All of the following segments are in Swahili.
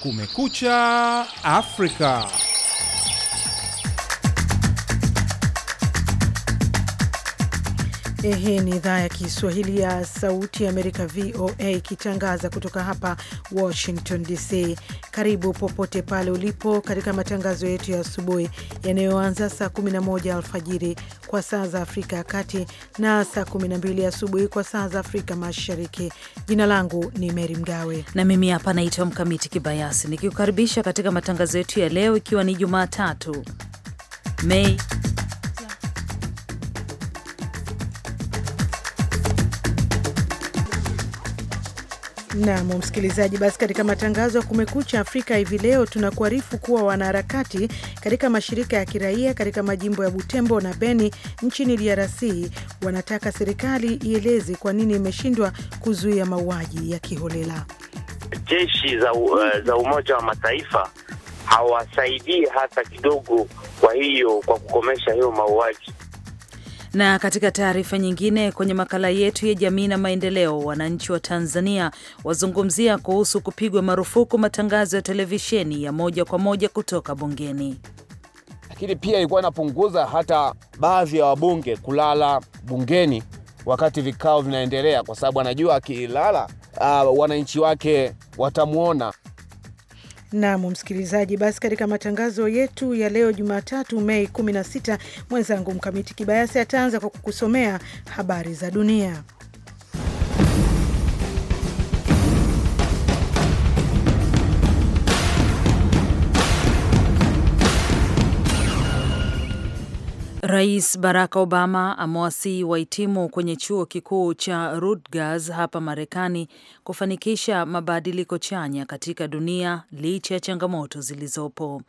Kumekucha Afrika. Hii ni idhaa ya Kiswahili ya Sauti ya Amerika, VOA, ikitangaza kutoka hapa Washington DC. Karibu popote pale ulipo katika matangazo yetu ya asubuhi yanayoanza saa 11 alfajiri kwa saa za Afrika ya Kati na saa 12 asubuhi kwa saa za Afrika Mashariki. Jina langu ni Meri Mgawe na mimi hapa naitwa Mkamiti Kibayasi nikikukaribisha katika matangazo yetu ya leo, ikiwa ni Jumatatu Mei Nam msikilizaji, basi katika matangazo ya Kumekucha Afrika hivi leo tunakuarifu kuwa wanaharakati katika mashirika ya kiraia katika majimbo ya Butembo na Beni nchini DRC wanataka serikali ieleze kwa nini imeshindwa kuzuia mauaji ya kiholela. Jeshi za, uh, za Umoja wa Mataifa hawasaidii hata kidogo, kwa hiyo kwa kukomesha hiyo mauaji na katika taarifa nyingine, kwenye makala yetu ya jamii na maendeleo, wananchi wa Tanzania wazungumzia kuhusu kupigwa marufuku matangazo ya televisheni ya moja kwa moja kutoka bungeni. Lakini pia ilikuwa inapunguza hata baadhi ya wabunge kulala bungeni wakati vikao vinaendelea, kwa sababu anajua akilala, uh, wananchi wake watamwona. Nam msikilizaji, basi katika matangazo yetu ya leo Jumatatu Mei 16, mwenzangu Mkamiti Kibayasi ataanza kwa kukusomea habari za dunia. Rais Barack Obama amewasihi wahitimu kwenye chuo kikuu cha Rutgers hapa Marekani kufanikisha mabadiliko chanya katika dunia licha ya changamoto zilizopo.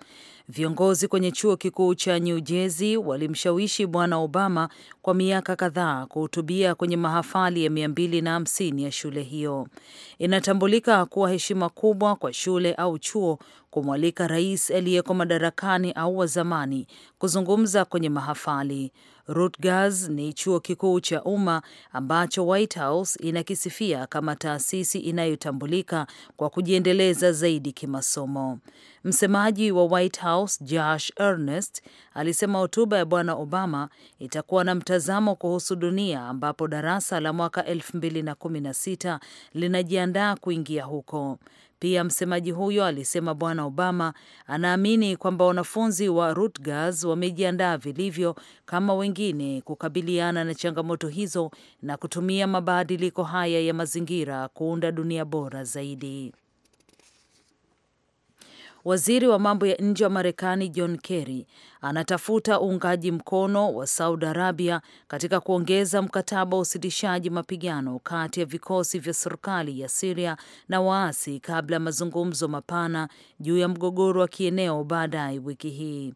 Viongozi kwenye chuo kikuu cha New Jersey walimshawishi Bwana Obama kwa miaka kadhaa kuhutubia kwenye mahafali ya hamsini ya shule hiyo. Inatambulika kuwa heshima kubwa kwa shule au chuo kumwalika rais aliyeko madarakani au wa zamani kuzungumza kwenye mahafali. Rutgers ni chuo kikuu cha umma ambacho White House inakisifia kama taasisi inayotambulika kwa kujiendeleza zaidi kimasomo. Msemaji wa White House Josh Earnest alisema hotuba ya Bwana Obama itakuwa na mtazamo kuhusu dunia, ambapo darasa la mwaka 2016 linajiandaa kuingia huko. Pia msemaji huyo alisema Bwana Obama anaamini kwamba wanafunzi wa Rutgers wamejiandaa vilivyo kama wengine kukabiliana na changamoto hizo na kutumia mabadiliko haya ya mazingira kuunda dunia bora zaidi waziri wa mambo ya nje wa Marekani John Kerry anatafuta uungaji mkono wa Saudi Arabia katika kuongeza mkataba wa usitishaji mapigano kati ya vikosi vya serikali ya Siria na waasi kabla ya mazungumzo mapana juu ya mgogoro wa kieneo baadaye wiki hii.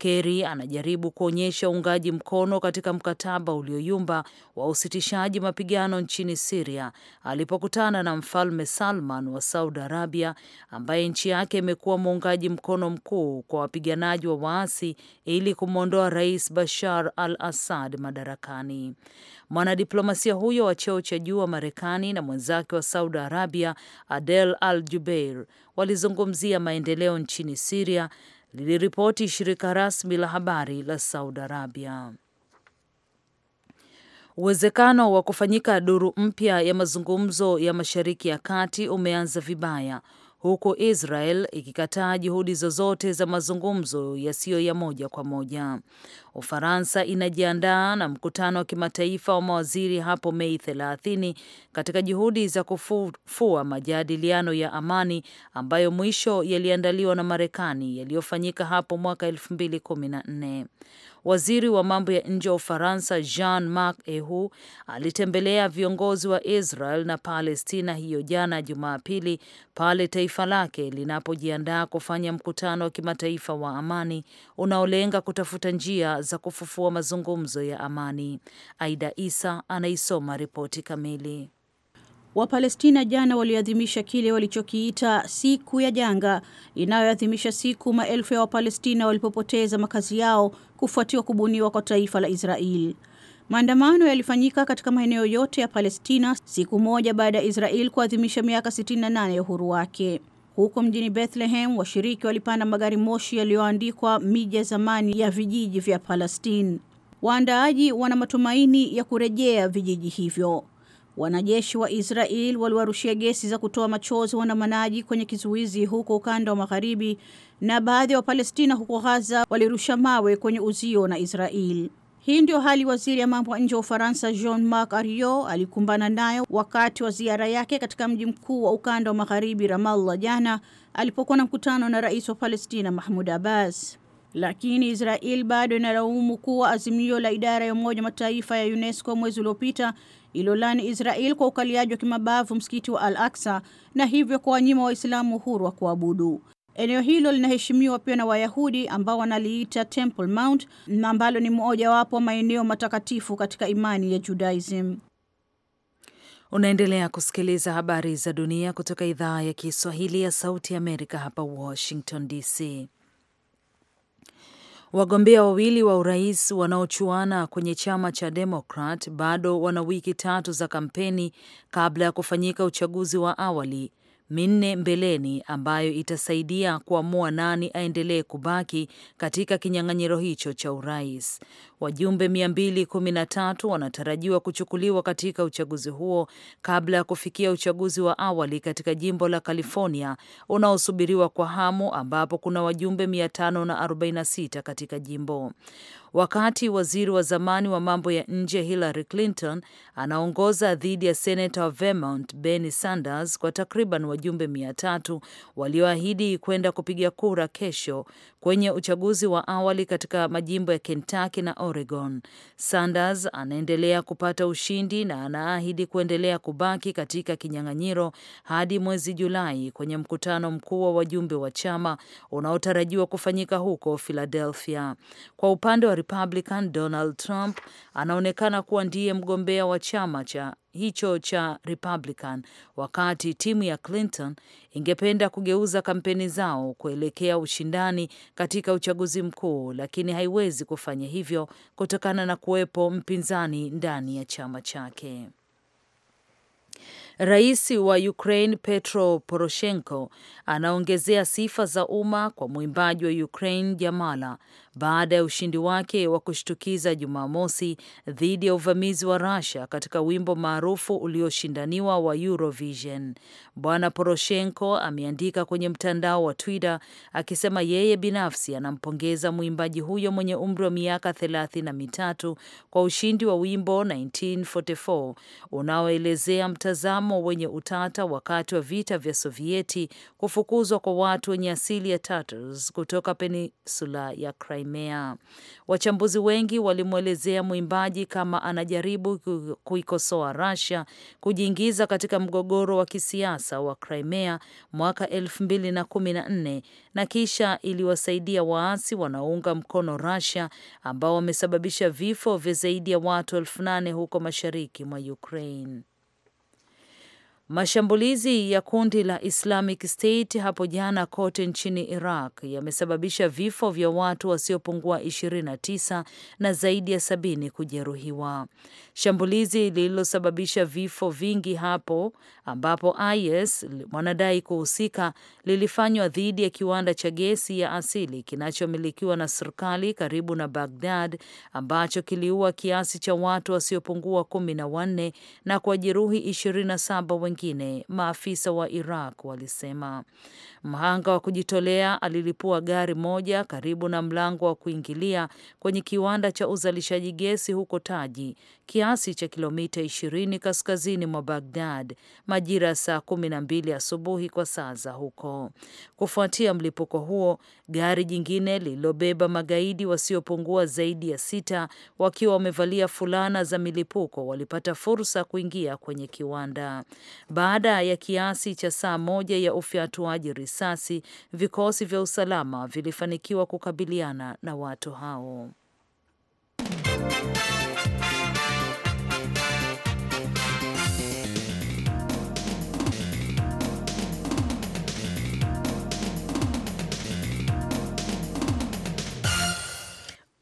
Kerry anajaribu kuonyesha uungaji mkono katika mkataba ulioyumba wa usitishaji mapigano nchini Siria alipokutana na Mfalme Salman wa Saudi Arabia, ambaye nchi yake imekuwa muungaji mkono mkuu kwa wapiganaji wa waasi ili kumwondoa Rais Bashar al Assad madarakani. Mwanadiplomasia huyo wa cheo cha juu wa Marekani na mwenzake wa Saudi Arabia Adel Al Jubeir walizungumzia maendeleo nchini Siria liliripoti shirika rasmi la habari la Saudi Arabia. Uwezekano wa kufanyika duru mpya ya mazungumzo ya Mashariki ya Kati umeanza vibaya huku Israel ikikataa juhudi zozote za mazungumzo yasiyo ya moja kwa moja. Ufaransa inajiandaa na mkutano wa kimataifa wa mawaziri hapo Mei 30 katika juhudi za kufufua majadiliano ya amani ambayo mwisho yaliandaliwa na Marekani yaliyofanyika hapo mwaka 2014. Waziri wa mambo ya nje wa Ufaransa Jean Marc ehu alitembelea viongozi wa Israel na Palestina hiyo jana Jumapili pale taifa lake linapojiandaa kufanya mkutano wa kimataifa wa amani unaolenga kutafuta njia za kufufua mazungumzo ya amani. Aida Isa anaisoma ripoti kamili. Wapalestina jana waliadhimisha kile walichokiita siku ya janga inayoadhimisha siku maelfu ya Wapalestina walipopoteza makazi yao kufuatiwa kubuniwa kwa taifa la israel Maandamano yalifanyika katika maeneo yote ya Palestina siku moja baada ya Israel kuadhimisha miaka 68 ya uhuru wake. Huko mjini Bethlehem, washiriki walipanda magari moshi yaliyoandikwa miji ya zamani ya vijiji vya Palestine. Waandaaji wana matumaini ya kurejea vijiji hivyo. Wanajeshi wa Israel waliwarushia gesi za kutoa machozi waandamanaji kwenye kizuizi huko ukanda wa magharibi, na baadhi ya wa Wapalestina huko Gaza walirusha mawe kwenye uzio na Israel. Hii ndio hali waziri ya mambo ya nje wa Ufaransa Jean Marc Ayrault alikumbana nayo wakati wa ziara yake katika mji mkuu wa ukanda wa magharibi Ramallah jana alipokuwa na mkutano na rais wa Palestina Mahmud Abbas. Lakini Israel bado inalaumu kuwa azimio la idara ya Umoja Mataifa ya UNESCO mwezi uliopita ilolani Israel kwa ukaliaji wa kimabavu msikiti wa al aksa na hivyo kuwanyima Waislamu uhuru wa kuabudu. Eneo hilo linaheshimiwa pia na Wayahudi ambao wanaliita Temple Mount na ambalo ni mmojawapo wa maeneo matakatifu katika imani ya Judaism. Unaendelea kusikiliza habari za dunia kutoka idhaa ya Kiswahili ya Sauti ya Amerika hapa Washington DC. Wagombea wawili wa urais wanaochuana kwenye chama cha Demokrat bado wana wiki tatu za kampeni kabla ya kufanyika uchaguzi wa awali minne mbeleni ambayo itasaidia kuamua nani aendelee kubaki katika kinyang'anyiro hicho cha urais. Wajumbe 213 wanatarajiwa kuchukuliwa katika uchaguzi huo kabla ya kufikia uchaguzi wa awali katika jimbo la California unaosubiriwa kwa hamu ambapo kuna wajumbe 546 katika jimbo wakati waziri wa zamani wa mambo ya nje Hillary Clinton anaongoza dhidi ya senata wa Vermont Bernie Sanders kwa takriban wajumbe mia tatu walioahidi kwenda kupiga kura kesho kwenye uchaguzi wa awali katika majimbo ya Kentucky na Oregon. Sanders anaendelea kupata ushindi na anaahidi kuendelea kubaki katika kinyang'anyiro hadi mwezi Julai kwenye mkutano mkuu wa wajumbe wa chama unaotarajiwa kufanyika huko Philadelphia. Kwa upande wa Republican Donald Trump anaonekana kuwa ndiye mgombea wa chama cha hicho cha Republican, wakati timu ya Clinton ingependa kugeuza kampeni zao kuelekea ushindani katika uchaguzi mkuu, lakini haiwezi kufanya hivyo kutokana na kuwepo mpinzani ndani ya chama chake. Rais wa Ukraine Petro Poroshenko anaongezea sifa za umma kwa mwimbaji wa Ukraine Jamala baada ya ushindi wake wa kushtukiza Jumamosi dhidi ya uvamizi wa Russia katika wimbo maarufu ulioshindaniwa wa Eurovision. Bwana Poroshenko ameandika kwenye mtandao wa Twitter akisema yeye binafsi anampongeza mwimbaji huyo mwenye umri wa miaka thelathini na mitatu kwa ushindi wa wimbo 1944 unaoelezea mtazamo wenye utata wakati wa vita vya Sovieti, kufukuzwa kwa watu wenye asili ya Tatars kutoka peninsula ya Crimea. Crimea. Wachambuzi wengi walimwelezea mwimbaji kama anajaribu kuikosoa Russia kujiingiza katika mgogoro wa kisiasa wa Crimea mwaka 2014 na kisha iliwasaidia waasi wanaounga mkono Russia ambao wamesababisha vifo vya zaidi ya watu elfu nane huko mashariki mwa Ukraine. Mashambulizi ya kundi la Islamic State hapo jana kote nchini Iraq yamesababisha vifo vya watu wasiopungua 29 na zaidi ya sabini kujeruhiwa. Shambulizi lililosababisha vifo vingi hapo ambapo IS wanadai kuhusika lilifanywa dhidi ya kiwanda cha gesi ya asili kinachomilikiwa na serikali karibu na Baghdad ambacho kiliua kiasi cha watu wasiopungua kumi na wanne na kuwajeruhi 27 wengi nyingine, maafisa wa Iraq walisema. Mhanga wa kujitolea alilipua gari moja karibu na mlango wa kuingilia kwenye kiwanda cha uzalishaji gesi huko Taji, kiasi cha kilomita 20 kaskazini mwa Bagdad majira ya saa mbili asubuhi kwa saa za huko. Kufuatia mlipuko huo, gari jingine lililobeba magaidi wasiopungua zaidi ya sita wakiwa wamevalia fulana za milipuko walipata fursa kuingia kwenye kiwanda. Baada ya kiasi cha saa moja ya ufyatuaji risasi, vikosi vya usalama vilifanikiwa kukabiliana na watu hao.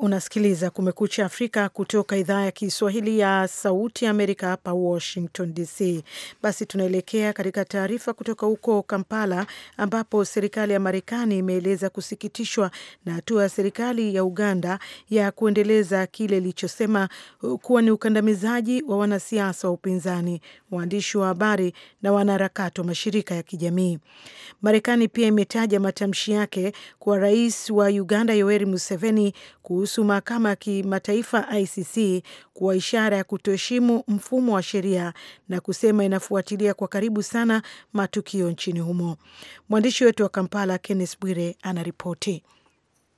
Unasikiliza Kumekucha Afrika kutoka idhaa ya Kiswahili ya Sauti ya Amerika hapa Washington DC. Basi tunaelekea katika taarifa kutoka huko Kampala, ambapo serikali ya Marekani imeeleza kusikitishwa na hatua ya serikali ya Uganda ya kuendeleza kile ilichosema kuwa ni ukandamizaji wa wanasiasa wa upinzani, waandishi wa habari na wanaharakati wa mashirika ya kijamii. Marekani pia imetaja matamshi yake kwa rais wa Uganda Yoweri Museveni kuhusu kuhusu mahakama ya kimataifa ICC kuwa ishara ya kutoheshimu mfumo wa sheria na kusema inafuatilia kwa karibu sana matukio nchini humo. Mwandishi wetu wa Kampala, Kenneth Bwire, anaripoti.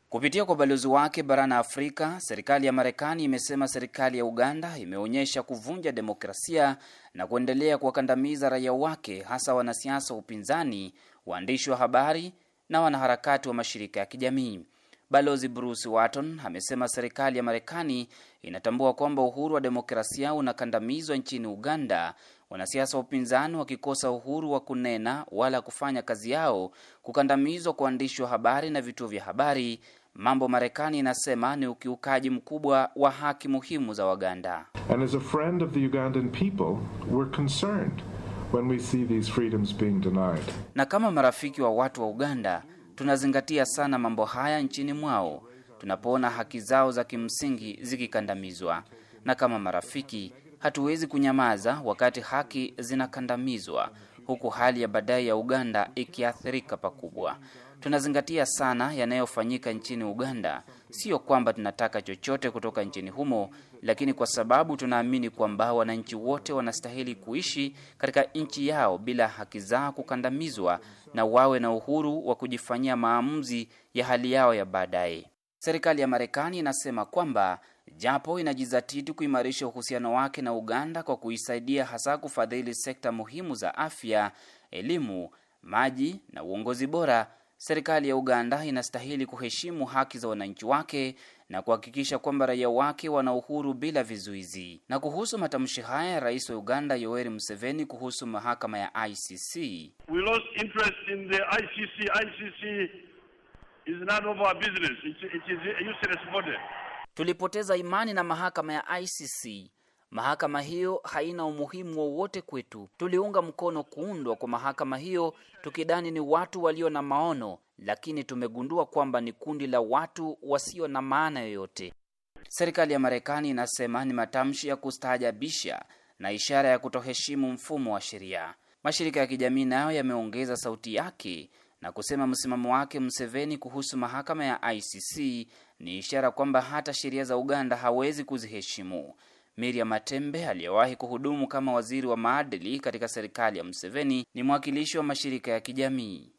Kupitia kwa ubalozi wake barani Afrika, serikali ya Marekani imesema serikali ya Uganda imeonyesha kuvunja demokrasia na kuendelea kuwakandamiza raia wake, hasa wanasiasa wa upinzani, waandishi wa habari na wanaharakati wa mashirika ya kijamii. Balozi Bruce Watton amesema serikali ya Marekani inatambua kwamba uhuru wa demokrasia unakandamizwa nchini Uganda, wanasiasa wa upinzani wakikosa uhuru wa kunena wala kufanya kazi yao, kukandamizwa kwa waandishi wa habari na vituo vya habari, mambo Marekani inasema ni ukiukaji mkubwa wa haki muhimu za Waganda. And as a friend of the Ugandan people, we're concerned when we see these freedoms being denied. Na kama marafiki wa watu wa Uganda tunazingatia sana mambo haya nchini mwao tunapoona haki zao za kimsingi zikikandamizwa, na kama marafiki hatuwezi kunyamaza wakati haki zinakandamizwa, huku hali ya baadaye ya Uganda ikiathirika pakubwa. Tunazingatia sana yanayofanyika nchini Uganda Sio kwamba tunataka chochote kutoka nchini humo, lakini kwa sababu tunaamini kwamba wananchi wote wanastahili kuishi katika nchi yao bila haki zao kukandamizwa na wawe na uhuru wa kujifanyia maamuzi ya hali yao ya baadaye. Serikali ya Marekani inasema kwamba japo inajizatiti kuimarisha uhusiano wake na Uganda kwa kuisaidia hasa kufadhili sekta muhimu za afya, elimu, maji na uongozi bora serikali ya Uganda inastahili kuheshimu haki za wananchi wake na kuhakikisha kwamba raia wake wana uhuru bila vizuizi. Na kuhusu matamshi haya rais wa Uganda Yoweri Museveni kuhusu mahakama ya ICC, We lost interest in the ICC. ICC is none of our business. It, it is a useless body. Tulipoteza imani na mahakama ya ICC Mahakama hiyo haina umuhimu wowote kwetu. Tuliunga mkono kuundwa kwa mahakama hiyo tukidhani ni watu walio na maono, lakini tumegundua kwamba ni kundi la watu wasio na maana yoyote. Serikali ya Marekani inasema ni matamshi ya kustaajabisha na ishara ya kutoheshimu mfumo wa sheria. Mashirika ya kijamii nayo yameongeza sauti yake na kusema msimamo wake mseveni kuhusu mahakama ya ICC ni ishara kwamba hata sheria za Uganda hawezi kuziheshimu miriam Matembe aliyewahi kuhudumu kama waziri wa maadili katika serikali ya Museveni ni mwakilishi wa mashirika ya kijamii.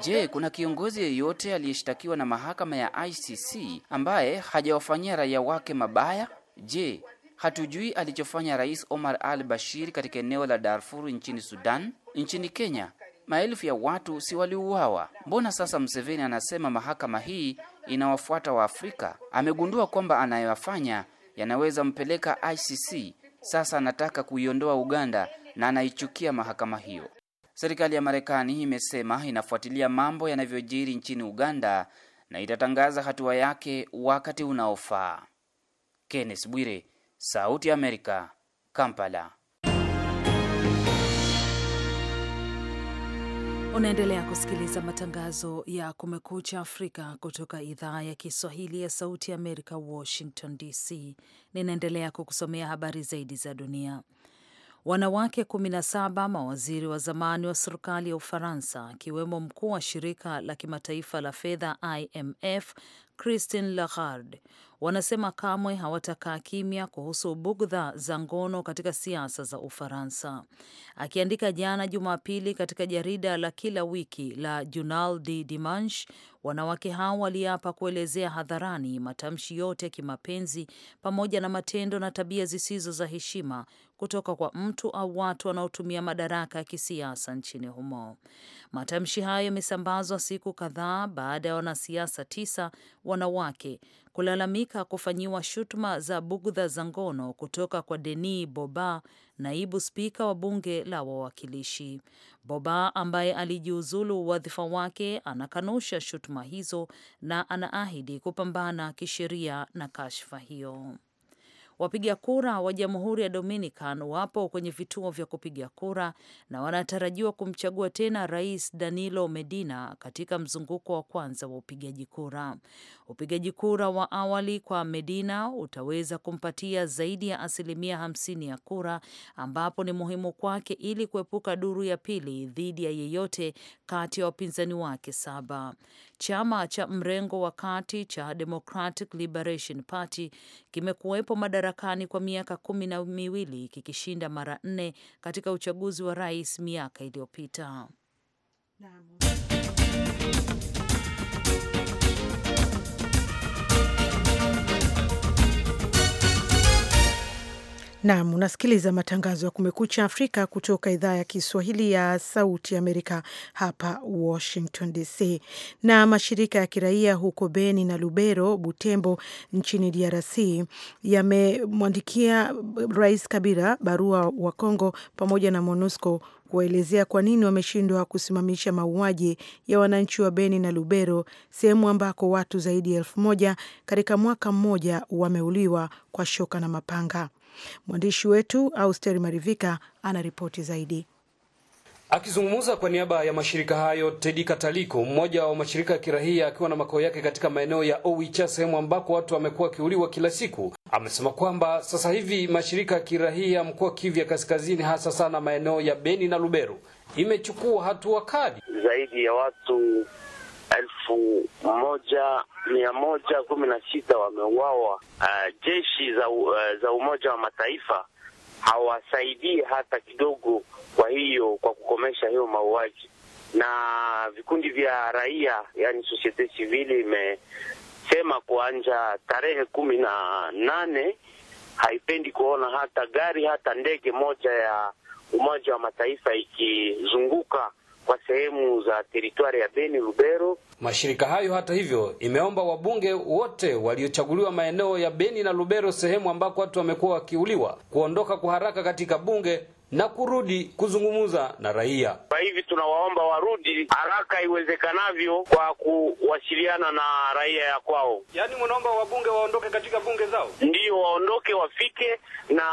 Je, kuna kiongozi yeyote aliyeshtakiwa na mahakama ya ICC ambaye hajawafanyia raia wake mabaya? Je, hatujui alichofanya Rais Omar al Bashir katika eneo la Darfur nchini Sudan? Nchini Kenya maelfu ya watu si waliuawa? Mbona sasa Museveni anasema mahakama hii inawafuata Waafrika? Amegundua kwamba anayoyafanya yanaweza mpeleka ICC. Sasa anataka kuiondoa Uganda na anaichukia mahakama hiyo. Serikali ya Marekani imesema inafuatilia mambo yanavyojiri nchini Uganda na itatangaza hatua yake wakati unaofaa. Kenneth Bwire, Sauti ya Amerika, Kampala. Unaendelea kusikiliza matangazo ya Kumekucha Afrika kutoka idhaa ya Kiswahili ya Sauti ya Amerika, Washington DC. Ninaendelea kukusomea habari zaidi za dunia wanawake 17 mawaziri wa zamani wa serikali ya Ufaransa, akiwemo mkuu wa shirika la kimataifa la fedha IMF Christine Lagarde wanasema kamwe hawatakaa kimya kuhusu bugdha za ngono katika siasa za Ufaransa. Akiandika jana Jumapili katika jarida la kila wiki la Journal de Dimanche, wanawake hao waliapa kuelezea hadharani matamshi yote ya kimapenzi pamoja na matendo na tabia zisizo za heshima kutoka kwa mtu au watu wanaotumia madaraka ya kisiasa nchini humo. Matamshi hayo yamesambazwa siku kadhaa baada ya wanasiasa tisa wanawake kulalamika kufanyiwa shutuma za bugdha za ngono kutoka kwa Denis Boba, naibu spika wa bunge la wawakilishi. Boba ambaye alijiuzulu wadhifa wake anakanusha shutuma hizo na anaahidi kupambana kisheria na kashfa hiyo. Wapiga kura wa Jamhuri ya Dominican wapo kwenye vituo vya kupiga kura na wanatarajiwa kumchagua tena Rais Danilo Medina katika mzunguko wa kwanza wa upigaji kura. Upigaji kura wa awali kwa Medina utaweza kumpatia zaidi ya asilimia hamsini ya kura, ambapo ni muhimu kwake ili kuepuka duru ya pili dhidi ya yeyote kati ya wapinzani wake saba. Chama cha mrengo wa kati cha Democratic Liberation Party kimekuwepo madarakani kwa miaka kumi na miwili kikishinda mara nne katika uchaguzi wa rais miaka iliyopita. Nam, unasikiliza matangazo ya Kumekucha Afrika kutoka idhaa ya Kiswahili ya Sauti Amerika hapa Washington DC. Na mashirika ya kiraia huko Beni na Lubero, Butembo nchini DRC yamemwandikia Rais Kabila barua wa Congo pamoja na MONUSCO kuwaelezea kwa nini wameshindwa kusimamisha mauaji ya wananchi wa Beni na Lubero, sehemu ambako watu zaidi ya elfu moja katika mwaka mmoja wameuliwa kwa shoka na mapanga. Mwandishi wetu Austeri Marivika ana ripoti zaidi. Akizungumza kwa niaba ya mashirika hayo, Tedi Kataliko, mmoja wa mashirika ya kirahia akiwa na makao yake katika maeneo ya Owicha, sehemu ambako watu wamekuwa wakiuliwa kila siku, amesema kwamba sasa hivi mashirika ya kirahia mkoa Kivu ya Kaskazini, hasa sana maeneo ya Beni na Lubero, imechukua hatua kali zaidi ya watu elfu moja mia moja kumi na sita wameuawa. Uh, jeshi za, uh, za Umoja wa Mataifa hawasaidii hata kidogo, kwa hiyo kwa kukomesha hiyo mauaji, na vikundi vya raia, yani societe civile imesema kuanja tarehe kumi na nane haipendi kuona hata gari hata ndege moja ya Umoja wa Mataifa ikizunguka kwa sehemu za teritwari ya Beni Lubero. Mashirika hayo hata hivyo, imeomba wabunge wote waliochaguliwa maeneo ya Beni na Lubero, sehemu ambako watu wamekuwa wakiuliwa, kuondoka kwa haraka katika bunge na kurudi kuzungumza na raia. Kwa hivi tunawaomba warudi haraka iwezekanavyo kwa kuwasiliana na raia ya kwao. Yaani mnaomba wabunge waondoke katika bunge zao? Ndiyo, waondoke wafike na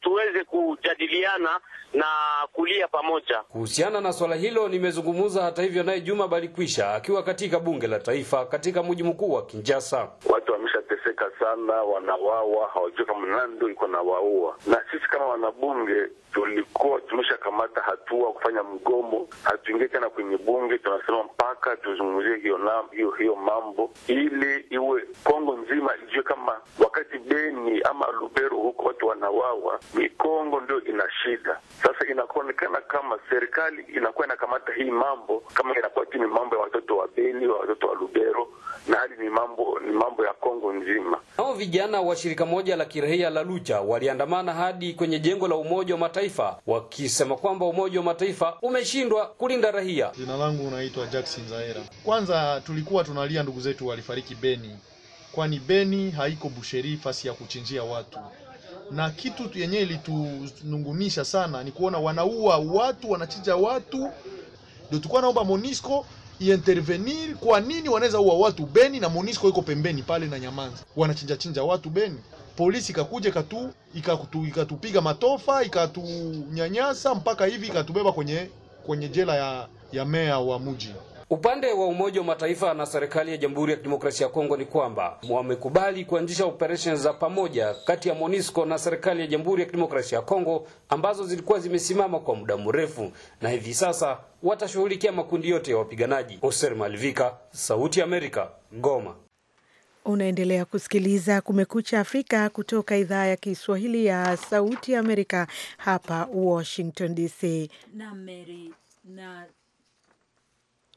tuweze kujadiliana na kulia pamoja kuhusiana na swala hilo. Nimezungumza hata hivyo naye Juma Balikwisha akiwa katika bunge la taifa katika mji mkuu wa Kinshasa. Watu wanateseka sana, wanawawa, hawajui kama nani iko na waua. Na sisi kama wanabunge tulikuwa tumeshakamata hatua kufanya mgomo, hatuingie tena kwenye bunge, tunasema mpaka tunataka tuzungumzie hiyo hiyo hiyo mambo, ili iwe Kongo nzima ijue kama wakati Beni ama Lubero huko watu wanawawa, ni Kongo ndio ina shida. Sasa inakuonekana kama serikali inakuwa inakamata hii mambo kama inakuwa tu ni mambo ya watoto wa Beni wa watoto wa Lubero, na hali ni mambo ni mambo ya Kongo nzima. Hao vijana wa shirika moja la kiraia la Lucha waliandamana hadi kwenye jengo la Umoja wa Mataifa wakisema kwamba Umoja wa Mataifa umeshindwa kulinda raia. Jina langu unaitwa Jackson za hela. Kwanza tulikuwa tunalia ndugu zetu walifariki Beni, kwani Beni haiko busheri fasi ya kuchinjia watu, na kitu yenyewe ilitunungunisha sana ni kuona wanaua watu, wanachinja watu. Ndio tulikuwa naomba Monisco iintervenir. Kwa nini wanaweza ua watu Beni na Monisco iko pembeni pale na Nyamanza, wanachinja chinja watu Beni? Polisi ikakuja ikatu ikatupiga matofa ikatunyanyasa mpaka hivi ikatubeba kwenye kwenye jela ya, ya meya wa mji. Upande wa Umoja wa Mataifa na serikali ya Jamhuri ya Kidemokrasia ya Kongo ni kwamba wamekubali kuanzisha operesheni za pamoja kati ya MONUSCO na serikali ya Jamhuri ya Kidemokrasia ya Kongo ambazo zilikuwa zimesimama kwa muda mrefu, na hivi sasa watashughulikia makundi yote ya wapiganaji. Oser Malivika, Sauti Amerika, Goma. Unaendelea kusikiliza Kumekucha Afrika kutoka idhaa ya Kiswahili ya Sauti Amerika hapa Washington DC na Mary, na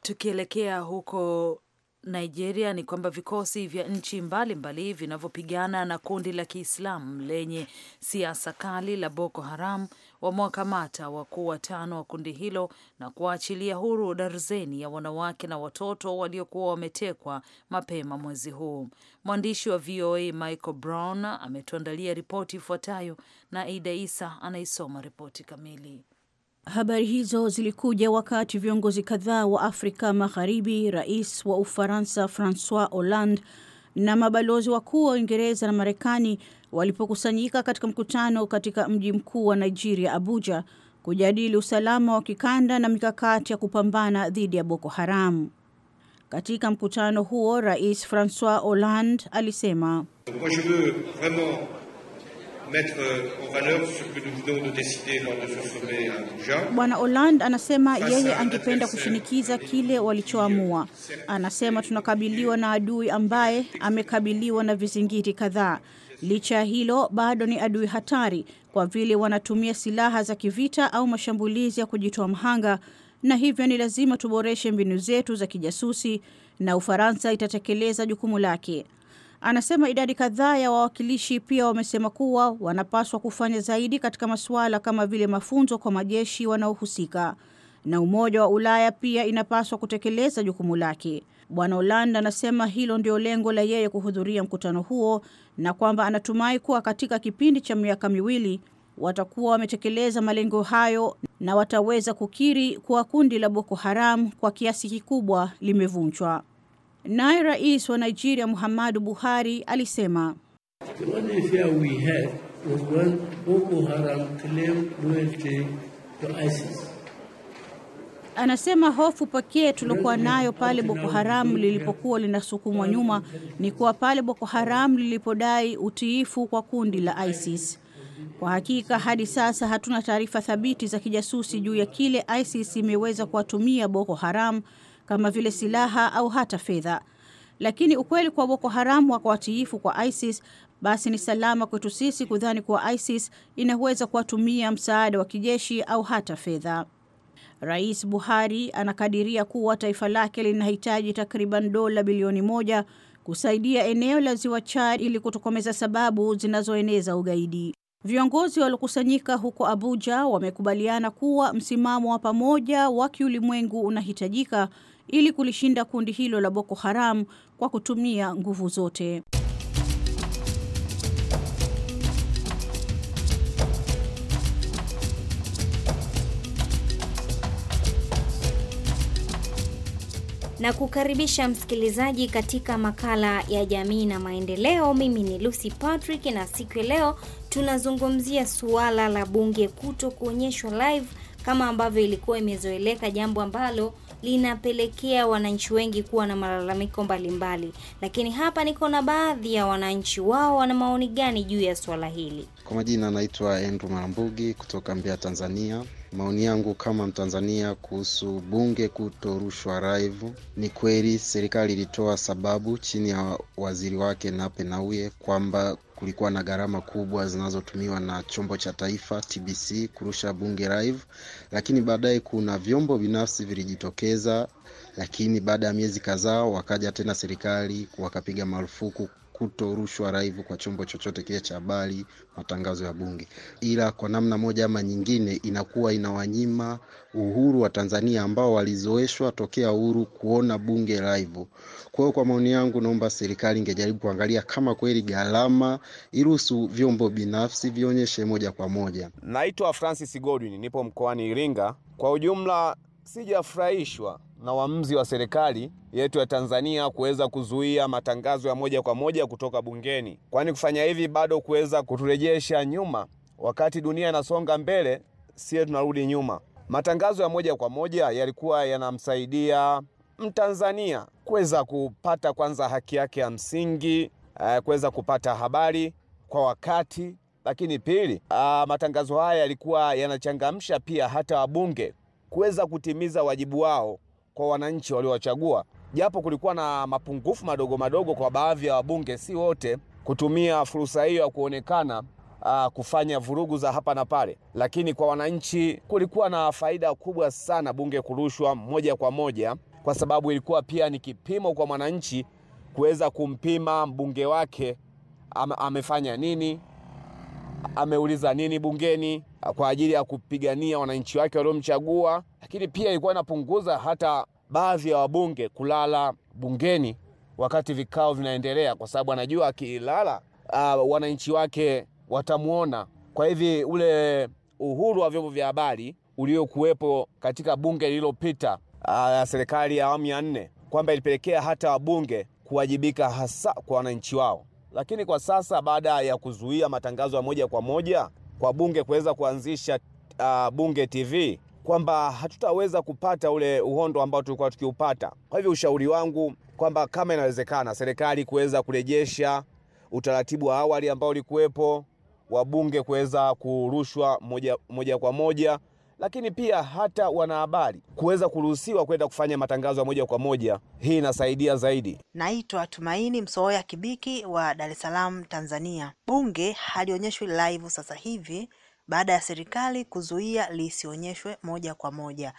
tukielekea huko Nigeria ni kwamba vikosi vya nchi mbalimbali vinavyopigana na kundi la Kiislamu lenye siasa kali la Boko Haram wamewakamata wakuu watano wa kundi hilo na kuwaachilia huru darzeni ya wanawake na watoto waliokuwa wametekwa mapema mwezi huu. Mwandishi wa VOA Michael Brown ametuandalia ripoti ifuatayo na Aida Isa anaisoma ripoti kamili. Habari hizo zilikuja wakati viongozi kadhaa wa Afrika Magharibi, rais wa Ufaransa Francois Hollande na mabalozi wakuu wa Uingereza na Marekani walipokusanyika katika mkutano katika mji mkuu wa Nigeria, Abuja, kujadili usalama wa kikanda na mikakati ya kupambana dhidi ya Boko Haram. Katika mkutano huo, Rais Francois Hollande alisema mettre euh, en valeur ce que nous venons de décider lors de ce sommet à Abuja. Bwana Hollande anasema yeye angependa kushinikiza kile walichoamua. Anasema tunakabiliwa na adui ambaye amekabiliwa na vizingiti kadhaa. Licha ya hilo, bado ni adui hatari kwa vile wanatumia silaha za kivita au mashambulizi ya kujitoa mhanga, na hivyo ni lazima tuboreshe mbinu zetu za kijasusi, na Ufaransa itatekeleza jukumu lake. Anasema idadi kadhaa ya wawakilishi pia wamesema kuwa wanapaswa kufanya zaidi katika masuala kama vile mafunzo kwa majeshi wanaohusika, na Umoja wa Ulaya pia inapaswa kutekeleza jukumu lake. Bwana Hollande anasema hilo ndio lengo la yeye kuhudhuria mkutano huo na kwamba anatumai kuwa katika kipindi cha miaka miwili watakuwa wametekeleza malengo hayo na wataweza kukiri kuwa kundi la Boko Haram kwa kiasi kikubwa limevunjwa. Naye rais wa Nigeria Muhammadu Buhari alisema Anasema hofu pekee tuliokuwa nayo pale Boko Haram lilipokuwa linasukumwa nyuma ni kuwa pale Boko Haram lilipodai utiifu kwa kundi la ISIS. Kwa hakika hadi sasa hatuna taarifa thabiti za kijasusi juu ya kile ISIS imeweza kuwatumia Boko Haram kama vile silaha au hata fedha. Lakini ukweli kwa Boko Haramu wako watiifu kwa ISIS, basi ni salama kwetu sisi kudhani kuwa ISIS inaweza kuwatumia msaada wa kijeshi au hata fedha. Rais Buhari anakadiria kuwa taifa lake linahitaji takriban dola bilioni moja kusaidia eneo la ziwa Chad ili kutokomeza sababu zinazoeneza ugaidi. Viongozi waliokusanyika huko Abuja wamekubaliana kuwa msimamo wa pamoja wa kiulimwengu unahitajika ili kulishinda kundi hilo la Boko Haram kwa kutumia nguvu zote. na kukaribisha msikilizaji katika makala ya jamii na maendeleo. Mimi ni Lucy Patrick, na siku ya leo tunazungumzia suala la bunge kuto kuonyeshwa live kama ambavyo ilikuwa imezoeleka, jambo ambalo linapelekea wananchi wengi kuwa na malalamiko mbalimbali. Lakini hapa niko na baadhi ya wananchi, wao wana maoni gani juu ya swala hili? Kwa majina anaitwa Andrew Marambugi kutoka Mbeya, Tanzania. Maoni yangu kama Mtanzania kuhusu bunge kutorushwa raivu, ni kweli serikali ilitoa sababu chini ya waziri wake Nape nauye kwamba kulikuwa na gharama kubwa zinazotumiwa na chombo cha taifa TBC kurusha bunge raivu lakini baadaye kuna vyombo binafsi vilijitokeza, lakini baada ya miezi kadhaa wakaja tena serikali wakapiga marufuku kutorushwa raivu kwa chombo chochote kile cha habari matangazo ya Bunge, ila kwa namna moja ama nyingine inakuwa inawanyima uhuru wa Tanzania ambao walizoeshwa tokea uhuru kuona Bunge raivu Kwa hiyo kwa maoni yangu, naomba serikali ingejaribu kuangalia kama kweli gharama iruhusu vyombo binafsi vionyeshe moja kwa moja. Naitwa Francis Godwin, nipo mkoani Iringa. Kwa ujumla sijafurahishwa na uamuzi wa serikali yetu ya Tanzania kuweza kuzuia matangazo ya moja kwa moja kutoka bungeni, kwani kufanya hivi bado kuweza kuturejesha nyuma. Wakati dunia inasonga mbele, sie tunarudi nyuma. Matangazo ya moja kwa moja yalikuwa yanamsaidia Mtanzania kuweza kupata kwanza haki yake ya msingi, eh, kuweza kupata habari kwa wakati, lakini pili, ah, matangazo haya yalikuwa yanachangamsha pia hata wabunge kuweza kutimiza wajibu wao kwa wananchi waliowachagua, japo kulikuwa na mapungufu madogo madogo kwa baadhi ya wabunge, si wote, kutumia fursa hiyo ya kuonekana Uh, kufanya vurugu za hapa na pale, lakini kwa wananchi kulikuwa na faida kubwa sana bunge kurushwa moja kwa moja, kwa sababu ilikuwa pia ni kipimo kwa mwananchi kuweza kumpima mbunge wake am, amefanya nini, ameuliza nini bungeni kwa ajili ya kupigania wananchi wake waliomchagua lakini pia ilikuwa inapunguza hata baadhi ya wabunge kulala bungeni wakati vikao vinaendelea, kwa sababu anajua akilala, uh, wananchi wake watamwona. Kwa hivi ule uhuru wa vyombo vya habari uliokuwepo katika bunge lililopita ah, ya uh, serikali ya awamu ya nne kwamba ilipelekea hata wabunge kuwajibika hasa kwa wananchi wao. Lakini kwa sasa baada ya kuzuia matangazo ya moja kwa moja kwa bunge kuweza kuanzisha uh, Bunge TV kwamba hatutaweza kupata ule uhondo ambao tulikuwa tukiupata. Kwa hivyo ushauri wangu kwamba kama inawezekana, serikali kuweza kurejesha utaratibu wa awali ambao ulikuwepo, wabunge kuweza kurushwa moja, moja kwa moja, lakini pia hata wanahabari kuweza kuruhusiwa kwenda kufanya matangazo ya moja kwa moja. Hii inasaidia zaidi. Naitwa Tumaini Msooya Kibiki wa Dar es Salaam, Tanzania. Bunge halionyeshwi live sasa hivi baada ya serikali kuzuia lisionyeshwe moja kwa moja.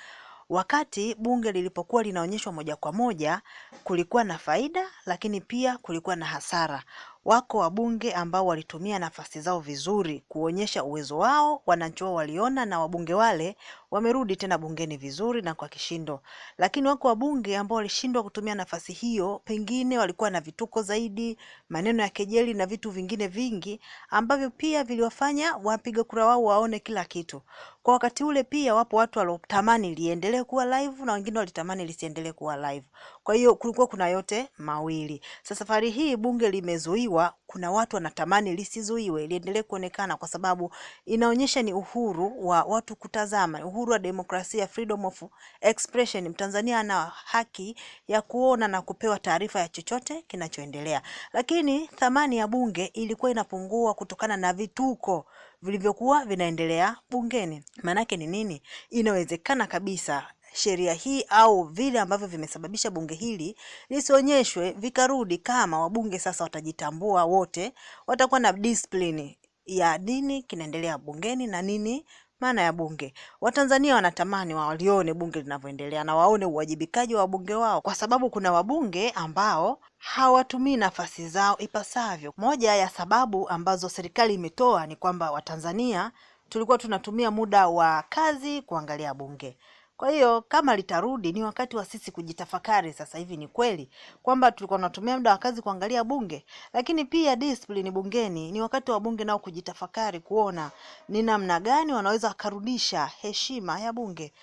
Wakati bunge lilipokuwa linaonyeshwa moja kwa moja, kulikuwa na faida, lakini pia kulikuwa na hasara. Wako wabunge ambao walitumia nafasi zao vizuri kuonyesha uwezo wao, wananchi wao waliona, na wabunge wale wamerudi tena bungeni vizuri na kwa kishindo. Lakini wako wabunge ambao walishindwa kutumia nafasi hiyo, pengine walikuwa na vituko zaidi, maneno ya kejeli na vitu vingine vingi ambavyo pia viliwafanya wapiga kura wao waone kila kitu. Kwa wakati ule pia wapo watu walotamani liendelee kuwa live na wengine walitamani lisiendelee kuwa live. Kwa hiyo kulikuwa kuna yote mawili. Sasa safari hii bunge limezuiwa, kuna watu wanatamani lisizuiwe, liendelee kuonekana kwa sababu inaonyesha ni uhuru wa watu kutazama, uhuru wa demokrasia, freedom of expression. Mtanzania ana haki ya kuona na kupewa taarifa ya chochote kinachoendelea, lakini thamani ya bunge ilikuwa inapungua kutokana na vituko vilivyokuwa vinaendelea bungeni. Maanake ni nini? Inawezekana kabisa sheria hii au vile ambavyo vimesababisha bunge hili lisionyeshwe vikarudi. Kama wabunge sasa watajitambua wote, watakuwa na discipline ya nini kinaendelea bungeni na nini maana ya bunge. Watanzania wanatamani walione bunge linavyoendelea na waone uwajibikaji wa wabunge wao, kwa sababu kuna wabunge ambao hawatumii nafasi zao ipasavyo. Moja ya sababu ambazo serikali imetoa ni kwamba Watanzania tulikuwa tunatumia muda wa kazi kuangalia bunge, kwa hiyo kama litarudi, ni wakati wa sisi kujitafakari sasa hivi. Ni kweli kwamba tulikuwa tunatumia muda wa kazi kuangalia bunge, lakini pia discipline bungeni, ni wakati wa bunge nao kujitafakari, kuona ni namna gani wanaweza wakarudisha heshima ya bunge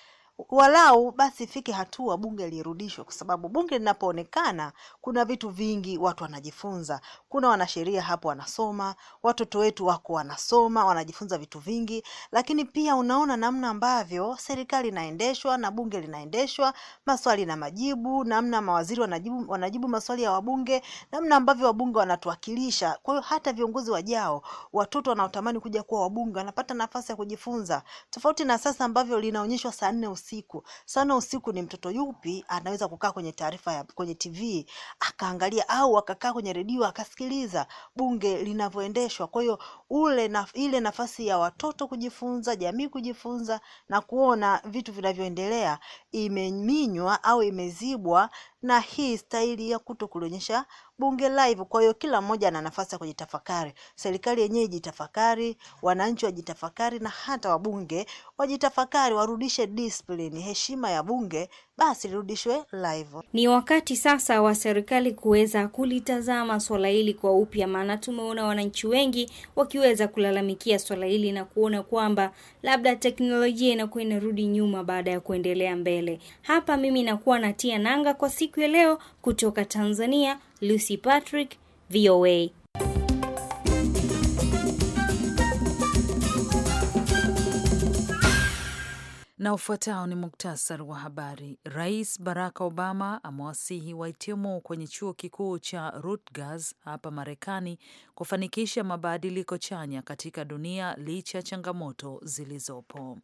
walau basi ifike hatua bunge lirudishwe, kwa sababu bunge linapoonekana kuna vitu vingi watu wanajifunza. Kuna wanasheria hapo wanasoma, watoto wetu wako wanasoma, wanajifunza vitu vingi, lakini pia unaona namna ambavyo serikali inaendeshwa na bunge linaendeshwa, maswali na majibu, namna mawaziri wanajibu, wanajibu maswali ya wabunge, namna ambavyo wabunge wanatuwakilisha. Kwa hiyo hata viongozi wajao, watoto wanaotamani kuja kuwa wabunge wanapata nafasi ya kujifunza, tofauti na sasa ambavyo linaonyeshwa saa nne usiku usiku. Sana usiku ni mtoto yupi anaweza kukaa kwenye taarifa kwenye TV akaangalia au akakaa kwenye redio akasikiliza bunge linavyoendeshwa. Kwa hiyo ule na, ile nafasi ya watoto kujifunza, jamii kujifunza na kuona vitu vinavyoendelea imeminywa au imezibwa na hii staili ya kuto kulionyesha bunge live. Kwa hiyo kila mmoja ana nafasi ya kujitafakari, serikali yenyewe ijitafakari, wananchi wajitafakari, na hata wabunge wajitafakari, warudishe discipline, heshima ya bunge basi lirudishwe live. Ni wakati sasa wa serikali kuweza kulitazama swala hili kwa upya, maana tumeona wananchi wengi wakiweza kulalamikia swala hili na kuona kwamba labda teknolojia inakuwa inarudi nyuma baada ya kuendelea mbele. Hapa mimi nakuwa natia nanga kwa siku siku ya leo kutoka Tanzania, Lucy Patrick, VOA. Na ufuatao ni muktasari wa habari. Rais Barack Obama amewasihi wahitimu kwenye chuo kikuu cha Rutgers hapa Marekani kufanikisha mabadiliko chanya katika dunia licha ya changamoto zilizopo.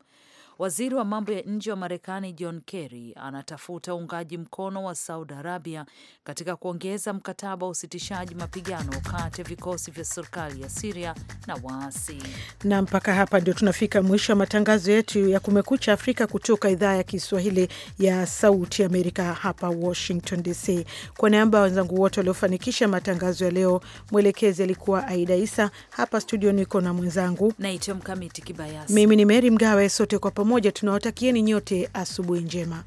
Waziri wa mambo ya nje wa Marekani John Kerry anatafuta uungaji mkono wa Saudi Arabia katika kuongeza mkataba wa usitishaji mapigano kati ya vikosi vya serikali ya Siria na waasi. Na mpaka hapa ndio tunafika mwisho wa matangazo yetu ya Kumekucha Afrika kutoka idhaa ya Kiswahili ya Sauti Amerika hapa Washington DC. Kwa niaba ya wenzangu wote waliofanikisha matangazo ya leo, mwelekezi alikuwa Aida Isa. Hapa studio niko na mwenzangu naitwa Mkamiti Kibayasi. Mimi ni Meri Mgawe, sote kwa pamoja tunawatakieni nyote asubuhi njema.